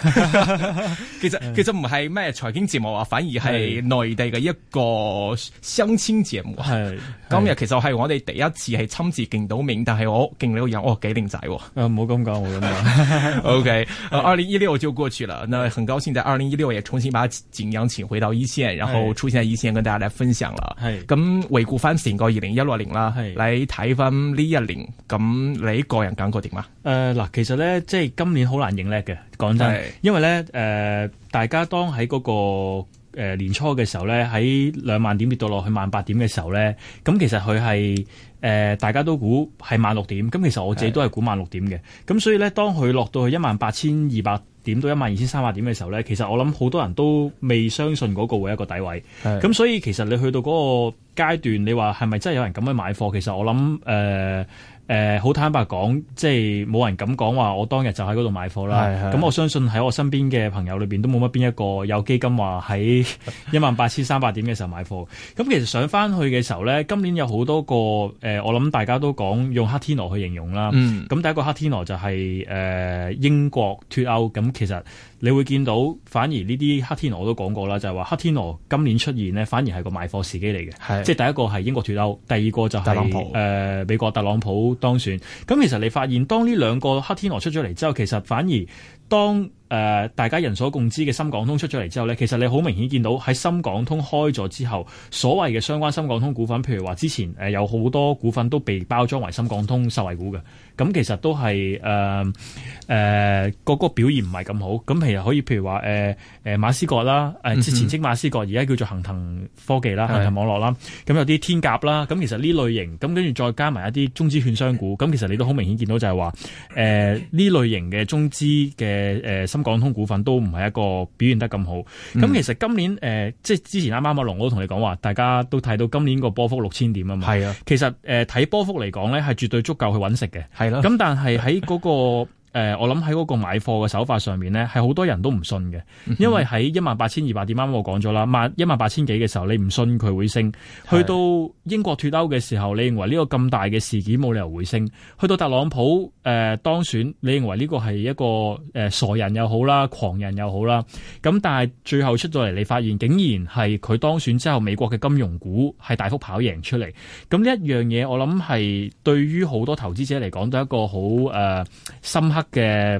其實其實唔係咩財經節目啊，反而係內地嘅一個相親節目啊。係今日其實係我哋第一次係親自見到面，但係我見你個樣我幾靚仔。誒、 okay，唔好咁講我啦。OK，二零一六就過去了。那很高興在二零一六也重新把景揚請回到一線，然後出現喺一線跟大家嚟分享啦。係咁回顧翻成個二零一六年啦。係你睇翻呢一年咁，你個人感覺點啊？誒、呃、嗱，其實咧即係今年好難影叻嘅，講真。因為咧，誒、呃，大家當喺嗰、那個、呃、年初嘅時候咧，喺兩萬點跌到落去萬八點嘅時候咧，咁其實佢係誒大家都估係萬六點，咁其實我自己都係估萬六點嘅。咁所以咧，當佢落到去一萬八千二百點到一萬二千三百點嘅時候咧，其實我諗好多人都未相信嗰個會一個底位。咁所以其實你去到嗰個階段，你話係咪真係有人咁去買貨？其實我諗誒。呃誒、呃、好坦白講，即係冇人敢講話，我當日就喺嗰度買貨啦。咁我相信喺我身邊嘅朋友裏面都冇乜邊一個有基金話喺一萬八千三百點嘅時候買貨。咁 其實上翻去嘅時候呢，今年有好多個誒、呃，我諗大家都講用黑天鵝去形容啦。咁、嗯、第一個黑天鵝就係、是、誒、呃、英國脱歐。咁其實你會見到，反而呢啲黑天鵝都講過啦，就係話黑天鵝今年出現呢，反而係個買貨時機嚟嘅。係，即係第一個係英國脱歐，第二個就係誒，呃，美國特朗普當選。咁其實你發現，當呢兩個黑天鵝出咗嚟之後，其實反而。當誒、呃、大家人所共知嘅深港通出咗嚟之後咧，其實你好明顯見到喺深港通開咗之後，所謂嘅相關深港通股份，譬如話之前誒有好多股份都被包裝為深港通受惠股嘅，咁其實都係誒誒個個表現唔係咁好。咁其實可以譬如話誒誒馬斯葛啦，誒、呃、之前稱馬斯葛，而家叫做恒騰科技啦、恒、嗯、騰網絡啦，咁有啲天鴿啦。咁其實呢類型咁跟住再加埋一啲中資券商股，咁其實你都好明顯見到就係話誒呢類型嘅中資嘅。誒誒，深港通股份都唔係一個表現得咁好。咁其實今年誒，即、嗯、係、呃、之前啱啱阿龍我都同你講話，大家都睇到今年個波幅六千點啊嘛。係啊，其實誒，睇、呃、波幅嚟講咧，係絕對足夠去揾食嘅。係啦。咁但係喺嗰個。 誒、呃，我諗喺嗰個買貨嘅手法上面呢係好多人都唔信嘅，因為喺一萬八千二百點啱我講咗啦，萬一萬八千幾嘅時候，你唔信佢會升，去到英國脱歐嘅時候，你認為呢個咁大嘅事件冇理由會升，去到特朗普誒、呃、當選，你認為呢個係一個誒、呃、傻人又好啦、狂人又好啦，咁但係最後出咗嚟，你發現竟然係佢當選之後，美國嘅金融股係大幅跑贏出嚟。咁呢一樣嘢，我諗係對於好多投資者嚟講都係一個好誒、呃、深刻嘅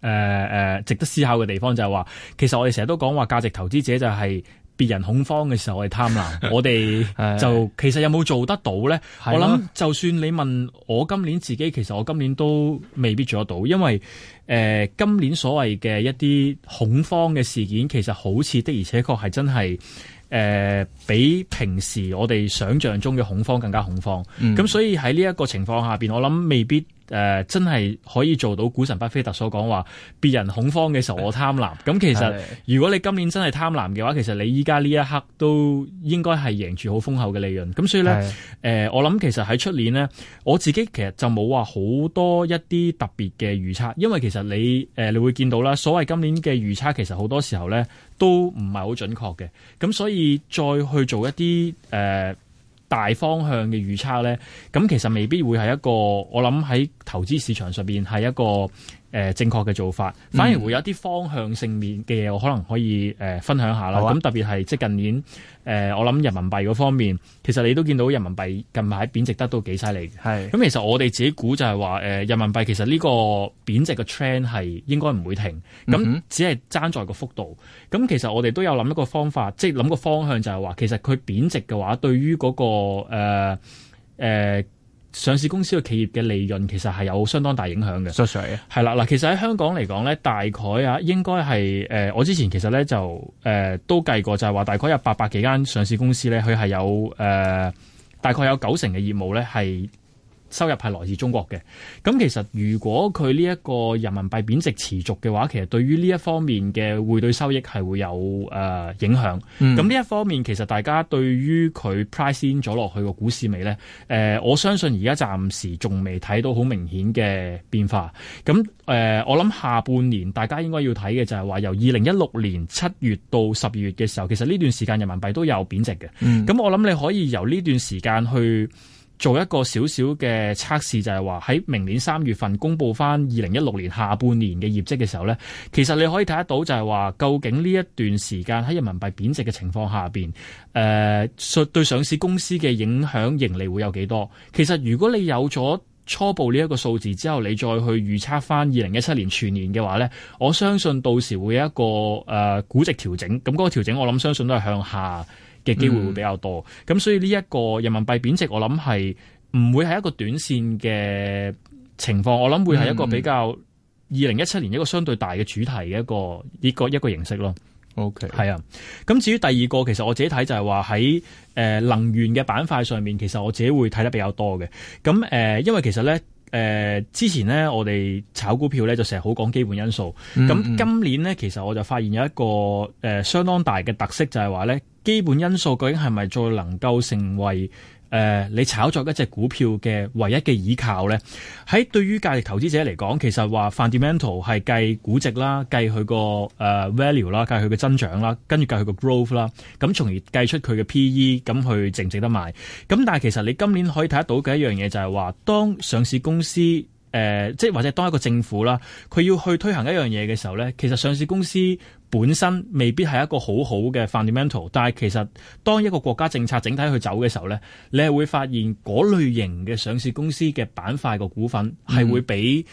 誒誒，值得思考嘅地方就係話，其實我哋成日都講話價值投資者就係別人恐慌嘅時候我哋貪婪， 我哋就其實有冇做得到咧？我諗就算你問我今年自己，其實我今年都未必做得到，因為誒、呃、今年所謂嘅一啲恐慌嘅事件，其實好似的而且確係真係誒、呃、比平時我哋想象中嘅恐慌更加恐慌。咁、嗯、所以喺呢一個情況下邊，我諗未必。誒、呃、真係可以做到股神巴菲特所講話，別人恐慌嘅時候我貪婪。咁其實如果你今年真係貪婪嘅話，其實你依家呢一刻都應該係贏住好豐厚嘅利潤。咁所以呢，誒、呃、我諗其實喺出年呢，我自己其實就冇話好多一啲特別嘅預測，因為其實你誒、呃、你會見到啦，所謂今年嘅預測其實好多時候呢都唔係好準確嘅。咁所以再去做一啲誒、呃大方向嘅預測咧，咁其實未必會係一個。我諗喺投資市場上邊，係一個。誒正確嘅做法，反而會有啲方向性面嘅嘢，我可能可以誒分享下啦。咁、嗯啊、特別係即係近年誒，我諗人民幣嗰方面，其實你都見到人民幣近排貶值得都幾犀利係咁，其實我哋自己估就係話，誒人民幣其實呢個貶值嘅趨勢係應該唔會停，咁、嗯、只係爭在個幅度。咁其實我哋都有諗一個方法，即係諗個方向就，就係話其實佢貶值嘅話，對於嗰、那個誒、呃呃上市公司嘅企業嘅利潤其實係有相當大影響嘅，係啦嗱。其實喺香港嚟講咧，大概啊應該係、呃、我之前其實咧就誒、呃、都計過就係話，就係話大概有八百幾間上市公司咧，佢係有誒、呃、大概有九成嘅業務咧係。係收入係來自中國嘅，咁其實如果佢呢一個人民幣貶值持續嘅話，其實對於呢一方面嘅匯兌收益係會有誒、呃、影響。咁、嗯、呢一方面其實大家對於佢 price in 咗落去個股市未呢，誒、呃、我相信而家暫時仲未睇到好明顯嘅變化。咁誒、呃，我諗下半年大家應該要睇嘅就係話由二零一六年七月到十二月嘅時候，其實呢段時間人民幣都有貶值嘅。咁、嗯、我諗你可以由呢段時間去。做一個少少嘅測試，就係話喺明年三月份公佈翻二零一六年下半年嘅業績嘅時候呢，其實你可以睇得到就是說，就係話究竟呢一段時間喺人民幣貶值嘅情況下邊，誒、呃、對上市公司嘅影響盈利會有幾多？其實如果你有咗初步呢一個數字之後，你再去預測翻二零一七年全年嘅話呢，我相信到時會有一個誒估、呃、值調整，咁、那、嗰個調整我諗相信都係向下。嘅機會會比較多，咁、嗯、所以呢一個人民幣貶值，我諗係唔會係一個短線嘅情況，我諗會係一個比較二零一七年一個相對大嘅主題嘅一個呢個一個形式咯。OK，、嗯、係啊。咁至於第二個，其實我自己睇就係話喺誒能源嘅板塊上面，其實我自己會睇得比較多嘅。咁誒、呃，因為其實咧。誒、呃、之前呢，我哋炒股票呢，就成日好講基本因素。咁、嗯嗯、今年呢，其實我就發現有一個誒、呃、相當大嘅特色，就係、是、話呢，基本因素究竟係咪再能夠成為？誒、呃，你炒作一隻股票嘅唯一嘅倚靠咧，喺對於價值投資者嚟講，其實話 fundamental 係計估值啦，計佢個、呃、value 啦，計佢嘅增長啦，跟住計佢個 growth 啦，咁從而計出佢嘅 PE，咁去值唔值得買。咁但係其實你今年可以睇得到嘅一樣嘢就係話，當上市公司誒、呃，即係或者當一個政府啦，佢要去推行一樣嘢嘅時候咧，其實上市公司。本身未必係一個好好嘅 fundamental，但係其實當一個國家政策整體去走嘅時候咧，你係會發現嗰類型嘅上市公司嘅板塊個股份係會比。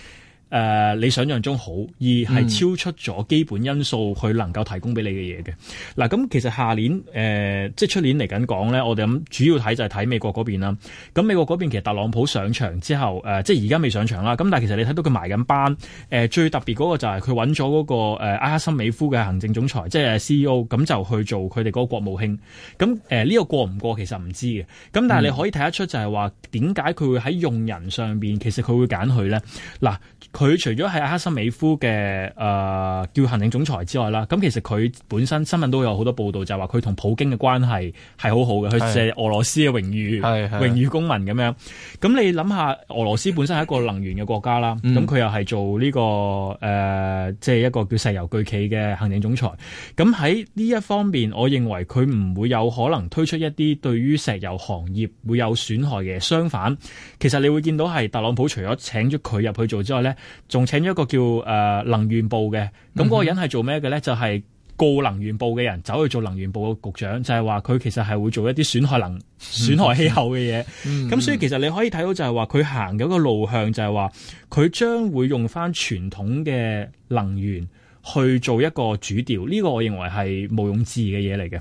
誒、呃，你想象中好，而係超出咗基本因素佢能夠提供俾你嘅嘢嘅。嗱、嗯，咁其實下年誒、呃，即係出年嚟緊講咧，我哋咁主要睇就係睇美國嗰邊啦。咁美國嗰邊其實特朗普上場之後，誒、呃，即係而家未上場啦。咁但係其實你睇到佢埋緊班，誒、呃，最特別嗰個就係佢揾咗嗰個埃克森美孚嘅行政總裁，即係 CEO，咁就去做佢哋嗰個國務卿。咁誒，呢個過唔過其實唔知嘅。咁但係你可以睇得出就係話點解佢會喺用人上邊其實佢會揀佢咧？嗱、呃。佢除咗係阿克森美夫嘅，誒、呃、叫行政總裁之外啦，咁其實，佢本身新聞都有好多報道，就係話佢同普京嘅關係係好好嘅，佢係俄羅斯嘅榮譽榮譽公民咁樣。咁你諗下，俄羅斯本身係一個能源嘅國家啦，咁佢又係做呢、這個誒即係一個叫石油巨企嘅行政總裁。咁喺呢一方面，我認為，佢唔會有可能推出一啲對於石油行業會有損害嘅。相反，其實你會見到係特朗普除咗請咗佢入去做之外咧。仲請咗一個叫誒、呃、能源部嘅，咁嗰個人係做咩嘅咧？就係、是、告能源部嘅人走去做能源部嘅局長，就係話佢其實係會做一啲損害能損、嗯、害氣候嘅嘢。咁、嗯、所以其實你可以睇到就係話佢行咗個路向就係話佢將會用翻傳統嘅能源去做一個主調。呢、這個我認為係毋庸置疑嘅嘢嚟嘅。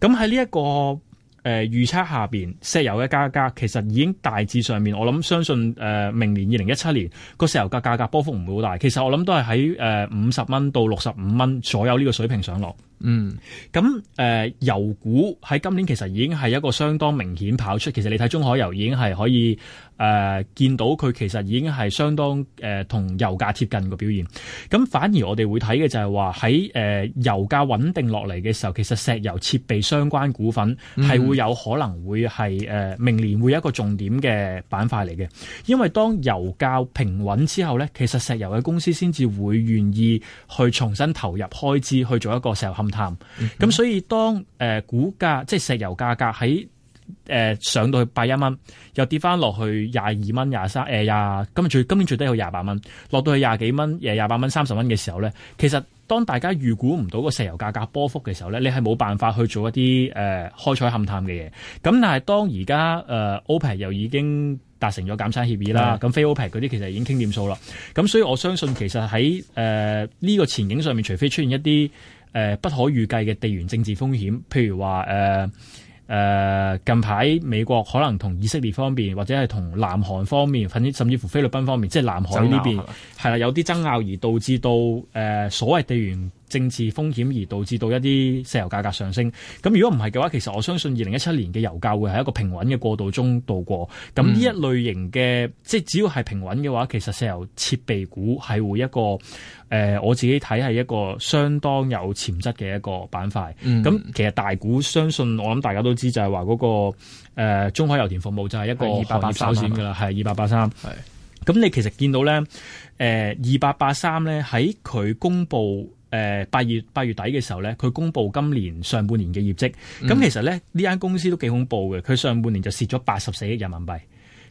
咁喺呢一個。誒、呃、預測下面石油嘅價格其實已經大致上面，我諗相信誒、呃、明年二零一七年個石油價價格波幅唔會好大，其實我諗都係喺誒五十蚊到六十五蚊左右呢個水平上落。嗯，咁誒、呃，油股喺今年其實已經係一個相當明顯跑出，其實你睇中海油已經係可以誒、呃、見到佢其實已經係相當誒同、呃、油價貼近嘅表現。咁反而我哋會睇嘅就係話喺誒油價穩定落嚟嘅時候，其實石油設備相關股份係會有可能會係誒、嗯、明年會有一個重點嘅板塊嚟嘅。因為當油價平穩之後咧，其實石油嘅公司先至會願意去重新投入開支去做一個石油勘探探、嗯、咁，所以當誒、呃、股價即係石油價格喺誒、呃、上到去八一蚊，又跌翻落去廿、呃、二蚊、廿三誒廿今日最今年最低去廿八蚊，落到去廿幾蚊誒廿八蚊、三十蚊嘅時候咧，其實當大家預估唔到個石油價格波幅嘅時候咧，你係冇辦法去做一啲誒、呃、開採勘探嘅嘢。咁但係當而家誒、呃、OPEC 又已經達成咗減產協議啦，咁非 OPEC 嗰啲其實已經傾掂數啦。咁所以我相信其實喺誒呢個前景上面，除非出現一啲。誒、呃、不可預計嘅地緣政治風險，譬如話誒誒近排美國可能同以色列方面，或者係同南韓方面，甚至甚至乎菲律賓方面，即係南海呢邊係啦，有啲爭拗，而導致到誒、呃、所謂地緣。政治風險而導致到一啲石油價格上升，咁如果唔係嘅話，其實我相信二零一七年嘅油價會喺一個平穩嘅過渡中度過。咁呢一類型嘅、嗯，即係只要係平穩嘅話，其實石油設備股係會一個，誒、呃，我自己睇係一個相當有潛質嘅一個板塊。咁、嗯、其實大股相信我諗大家都知就係話嗰個、呃、中海油田服務就係一個二百八三線啦，係二八八三。係咁你其實見到咧，誒二八八三咧喺佢公布。誒、呃、八月八月底嘅時候呢，佢公布今年上半年嘅業績。咁其實咧，呢、嗯、間公司都幾恐怖嘅。佢上半年就蝕咗八十四億人民幣。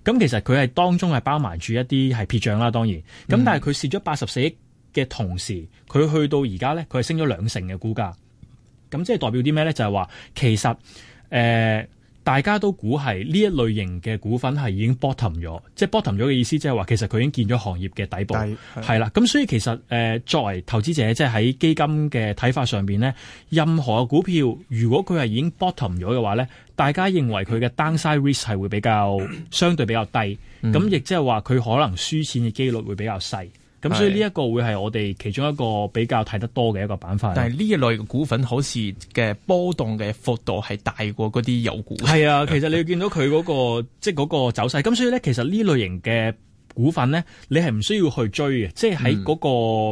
咁其實佢係當中係包埋住一啲係撇賬啦，當然。咁但係佢蝕咗八十四億嘅同時，佢去到而家呢，佢係升咗兩成嘅股價。咁即係代表啲咩呢？就係、是、話其實誒。呃大家都估係呢一類型嘅股份係已經 bottom 咗，即係 bottom 咗嘅意思即係話其實佢已經見咗行業嘅底部，係啦。咁所以其實誒、呃、作為投資者，即係喺基金嘅睇法上面咧，任何嘅股票如果佢係已經 bottom 咗嘅話咧，大家認為佢嘅 downside risk 係會比較、嗯、相對比較低，咁亦即係話佢可能輸錢嘅幾率會比較細。咁所以呢一個會係我哋其中一個比較睇得多嘅一個板塊。但係呢一類嘅股份，好似嘅波動嘅幅度係大過嗰啲油股。係啊 其、那個就是，其實你會見到佢嗰個即係嗰個走勢。咁所以咧，其實呢類型嘅股份咧，你係唔需要去追嘅。即係喺嗰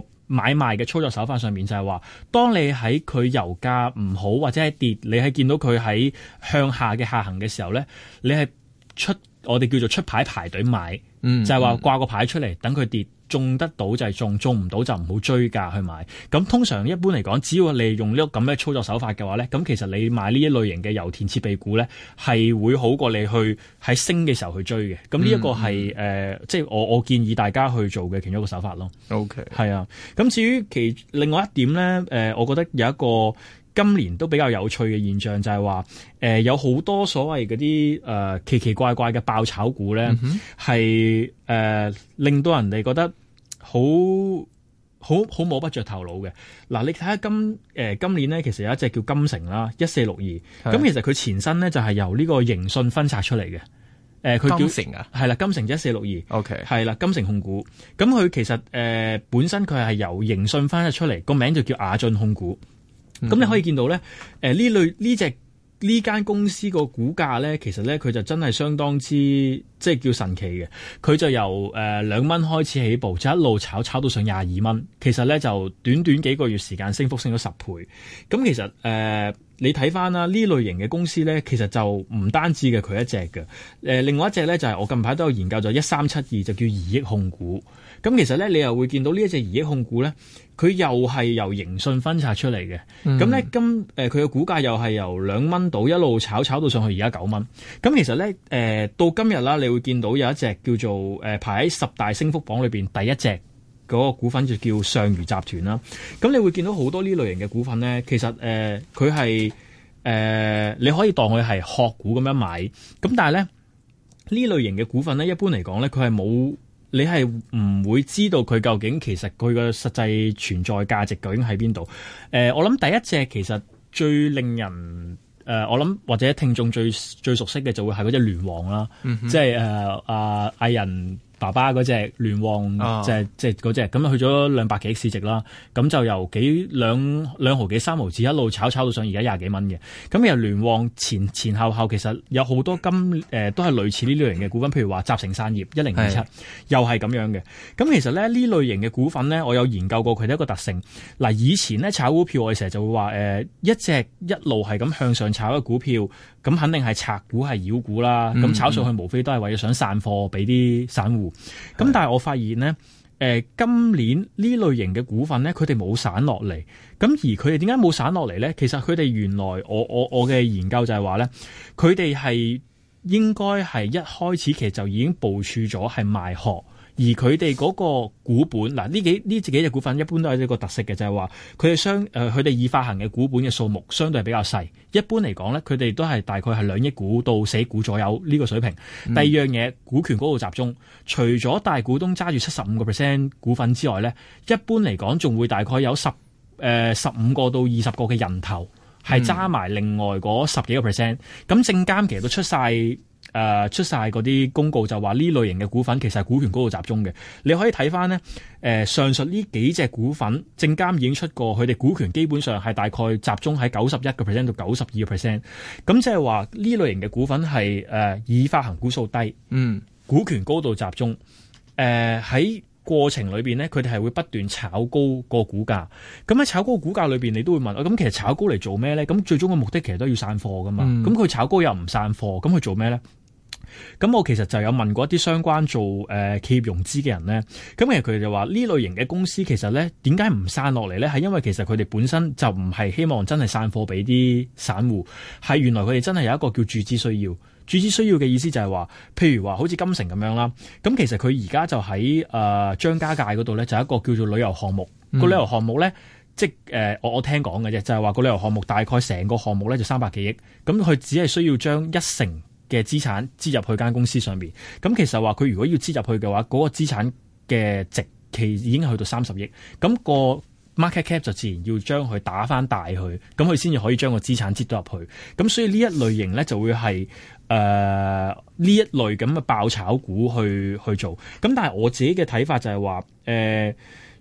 個買賣嘅操作手法上面，就係話，當你喺佢油價唔好或者係跌，你係見到佢喺向下嘅下行嘅時候咧，你係出我哋叫做出牌排隊買，嗯嗯就係話掛個牌出嚟等佢跌。中得到就係中，中唔到就唔好追價去買。咁通常一般嚟講，只要你用呢個咁嘅操作手法嘅話呢，咁其實你買呢一類型嘅油田設備股呢，係會好過你去喺升嘅時候去追嘅。咁呢一個係誒、嗯呃，即係我我建議大家去做嘅其中一個手法咯。OK，係啊。咁至於其另外一點呢，誒、呃，我覺得有一個。今年都比較有趣嘅現象就係話，誒、呃、有好多所謂嗰啲誒奇奇怪怪嘅爆炒股咧，係、嗯、誒、呃、令到人哋覺得好好好摸不着頭腦嘅。嗱、呃，你睇下今誒、呃、今年咧，其實有一隻叫金城啦，一四六二。咁其實佢前身咧就係、是、由呢個營信分拆出嚟嘅。誒、呃，佢叫成呀，係啦，金城一四六二。O K，係啦，金城控股。咁佢其實誒、呃、本身佢係由營信分拆出嚟，個名就叫亞俊控股。咁你可以見到咧，誒、嗯、呢、呃、類呢隻呢間公司個股價咧，其實咧佢就真係相當之。即係叫神奇嘅，佢就由誒、呃、兩蚊開始起步，就一路炒炒到上廿二蚊。其實咧就短短幾個月時間，升幅升咗十倍。咁其實、呃、你睇翻啦，呢類型嘅公司咧，其實就唔單止嘅佢一隻嘅、呃。另外一隻咧就係、是、我近排都有研究咗一三七二，就叫二億控股。咁其實咧你又會見到呢一隻二億控股咧，佢又係由盈訊分拆出嚟嘅。咁、嗯、咧今佢嘅、呃、股價又係由兩蚊到一路炒炒到上去而家九蚊。咁其實咧、呃、到今日啦。你會見到有一隻叫做誒、排喺十大升幅榜裏邊第一隻嗰、那個股份就叫上虞集團啦。咁你會見到好多呢類型嘅股份呢，其實誒、佢係、誒、你可以當佢係殼股咁樣買。咁但係呢，呢類型嘅股份呢，一般嚟講呢，佢係冇，你係唔會知道佢究竟其實佢個實際存在價值究竟喺邊度。誒、呃，我諗第一隻其實最令人。誒、呃，我諗或者聽眾最最熟悉嘅就會係嗰隻聯王啦，即係誒阿藝人。爸爸嗰隻聯旺隻，即係即嗰隻，咁去咗兩百幾市值啦，咁就由幾兩兩毫幾三毫紙一路炒炒到上而家廿幾蚊嘅，咁又聯旺前前後後其實有好多金誒、呃，都係類似呢類型嘅股份，譬如話集成散業一零二七，又係咁樣嘅。咁其實咧呢類型嘅股份咧，我有研究過佢哋一個特性。嗱，以前咧炒股票我成日就會話一隻一路係咁向上炒嘅股票，咁肯定係拆股係妖股啦，咁、嗯嗯、炒上去無非都係為咗想散貨俾啲散戶。咁、嗯、但係我發現呢，誒、呃，今年呢類型嘅股份呢，佢哋冇散落嚟。咁而佢哋點解冇散落嚟呢？其實佢哋原來我我我嘅研究就係話呢，佢哋係應該係一開始其實就已經部署咗係賣殼。而佢哋嗰個股本，嗱呢幾呢自己隻股份一般都係一個特色嘅，就係話佢哋相，誒佢哋已發行嘅股本嘅數目相對係比較細。一般嚟講咧，佢哋都係大概係兩億股到四億股左右呢個水平。第二樣嘢，股權嗰個集中，除咗大股東揸住七十五個 percent 股份之外咧，一般嚟講仲會大概有十誒十五個到二十個嘅人頭係揸埋另外嗰十幾個 percent。咁、嗯、證監其實都出晒。誒、呃，出晒嗰啲公告就話、是、呢類型嘅股份其實係股權高度集中嘅，你可以睇翻，呢，誒、呃，上述呢幾隻股份證監已經出過佢哋股權基本上係大概集中喺九十一個 percent 到九十二個 percent，咁即係話呢類型嘅股份係誒已發行股數低，嗯，股權高度集中，誒、呃、喺過程裏邊呢，佢哋係會不斷炒高個股價，咁喺炒高股價裏邊，你都會問，咁、啊、其實炒高嚟做咩咧？咁最終嘅目的其實都要散貨噶嘛，咁、嗯、佢炒高又唔散貨，咁佢做咩咧？咁我其實就有問過一啲相關做誒、呃、企業融資嘅人咧，咁其實佢哋話呢類型嘅公司其實咧點解唔散落嚟咧？係因為其實佢哋本身就唔係希望真係散貨俾啲散戶，係原來佢哋真係有一個叫注資需要。注資需要嘅意思就係話，譬如話好似金城咁樣啦，咁其實佢而家就喺誒張家界嗰度咧，就有一個叫做旅遊項目。個、嗯、旅遊項目咧，即係我、呃、我聽講嘅啫，就係話個旅遊項目大概成個項目咧就三百幾億，咁佢只係需要將一成。嘅資產資入去間公司上邊，咁其實話佢如果要資入去嘅話，嗰、那個資產嘅值期已經去到三十億，咁個 market cap 就自然要將佢打返大佢，咁佢先至可以將個資產資到入去，咁所以呢一類型呢，就會係誒呢一類咁嘅爆炒股去去做，咁但係我自己嘅睇法就係話誒。呃。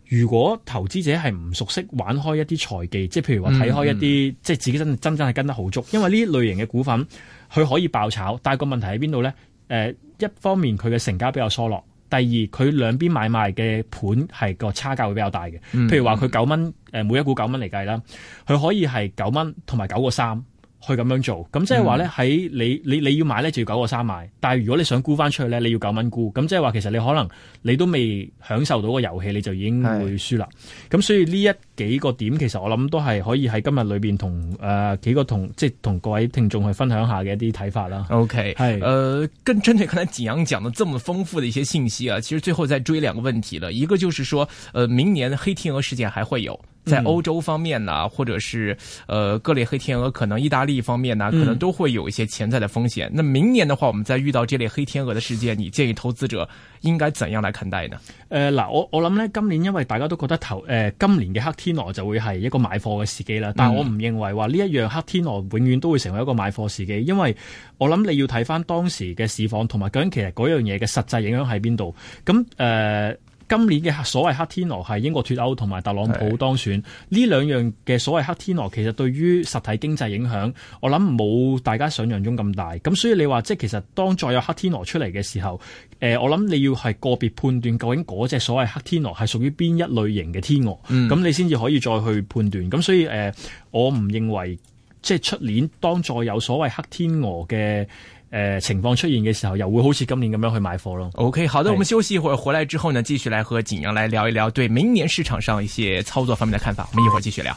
如果投資者係唔熟悉玩開一啲財技，即係譬如話睇開一啲，嗯嗯，即係自己真真真係跟得好足。因為呢啲類型嘅股份，佢可以爆炒，但係個問題喺邊度呢？誒、呃，一方面佢嘅成交比較疏落，第二佢兩邊買賣嘅盤係個差價會比較大嘅。譬如話佢九蚊，誒每一股九蚊嚟計啦，佢可以係九蚊同埋九個三。去咁樣做，咁即係話咧，喺、嗯、你你你要買咧就要九個三買，但係如果你想沽翻出去咧，你要九蚊沽。咁即係話其實你可能你都未享受到個遊戲，你就已經會輸啦。咁所以呢一幾個點，其實我諗都係可以喺今日裏邊同誒幾個同即係同各位聽眾去分享下嘅一啲睇法啦。OK，係，誒、呃，跟針對剛才景揚講的這麼豐富的一些信息啊，其實最後再追兩個問題啦，一個就是說，誒、呃，明年黑天鵝事件還會有？在歐洲方面啊或者是，呃，各類黑天鵝，可能意大利方面啊可能都會有一些潛在的風險。嗯、那明年的話，我們再遇到這類黑天鵝的事件，你建議投資者應該怎樣來看待呢？誒，嗱，我我諗呢今年因為大家都覺得投，誒、呃，今年嘅黑天鵝就會係一個買貨嘅時機啦。但係我唔認為話呢一樣黑天鵝永遠都會成為一個買貨時機，因為我諗你要睇翻當時嘅市況，同埋究竟其實嗰樣嘢嘅實際影響喺邊度。咁誒。呃今年嘅所謂黑天鵝係英國脱歐同埋特朗普當選呢兩樣嘅所謂黑天鵝，其實對於實體經濟影響，我諗冇大家想像中咁大。咁所以你話即係其實當再有黑天鵝出嚟嘅時候、呃，誒我諗你要係個別判斷究竟嗰隻所謂黑天鵝係屬於邊一類型嘅天鵝，咁你先至可以再去判斷。咁所以誒、呃，我唔認為即係出年當再有所謂黑天鵝嘅。誒、呃，情況出現嘅時候，又會好似今年咁樣去買貨咯。OK，好的，我們休息一會兒，回來之後呢，繼續來和景陽來聊一聊對明年市場上一些操作方面的看法。嗯、我們一會兒繼續聊。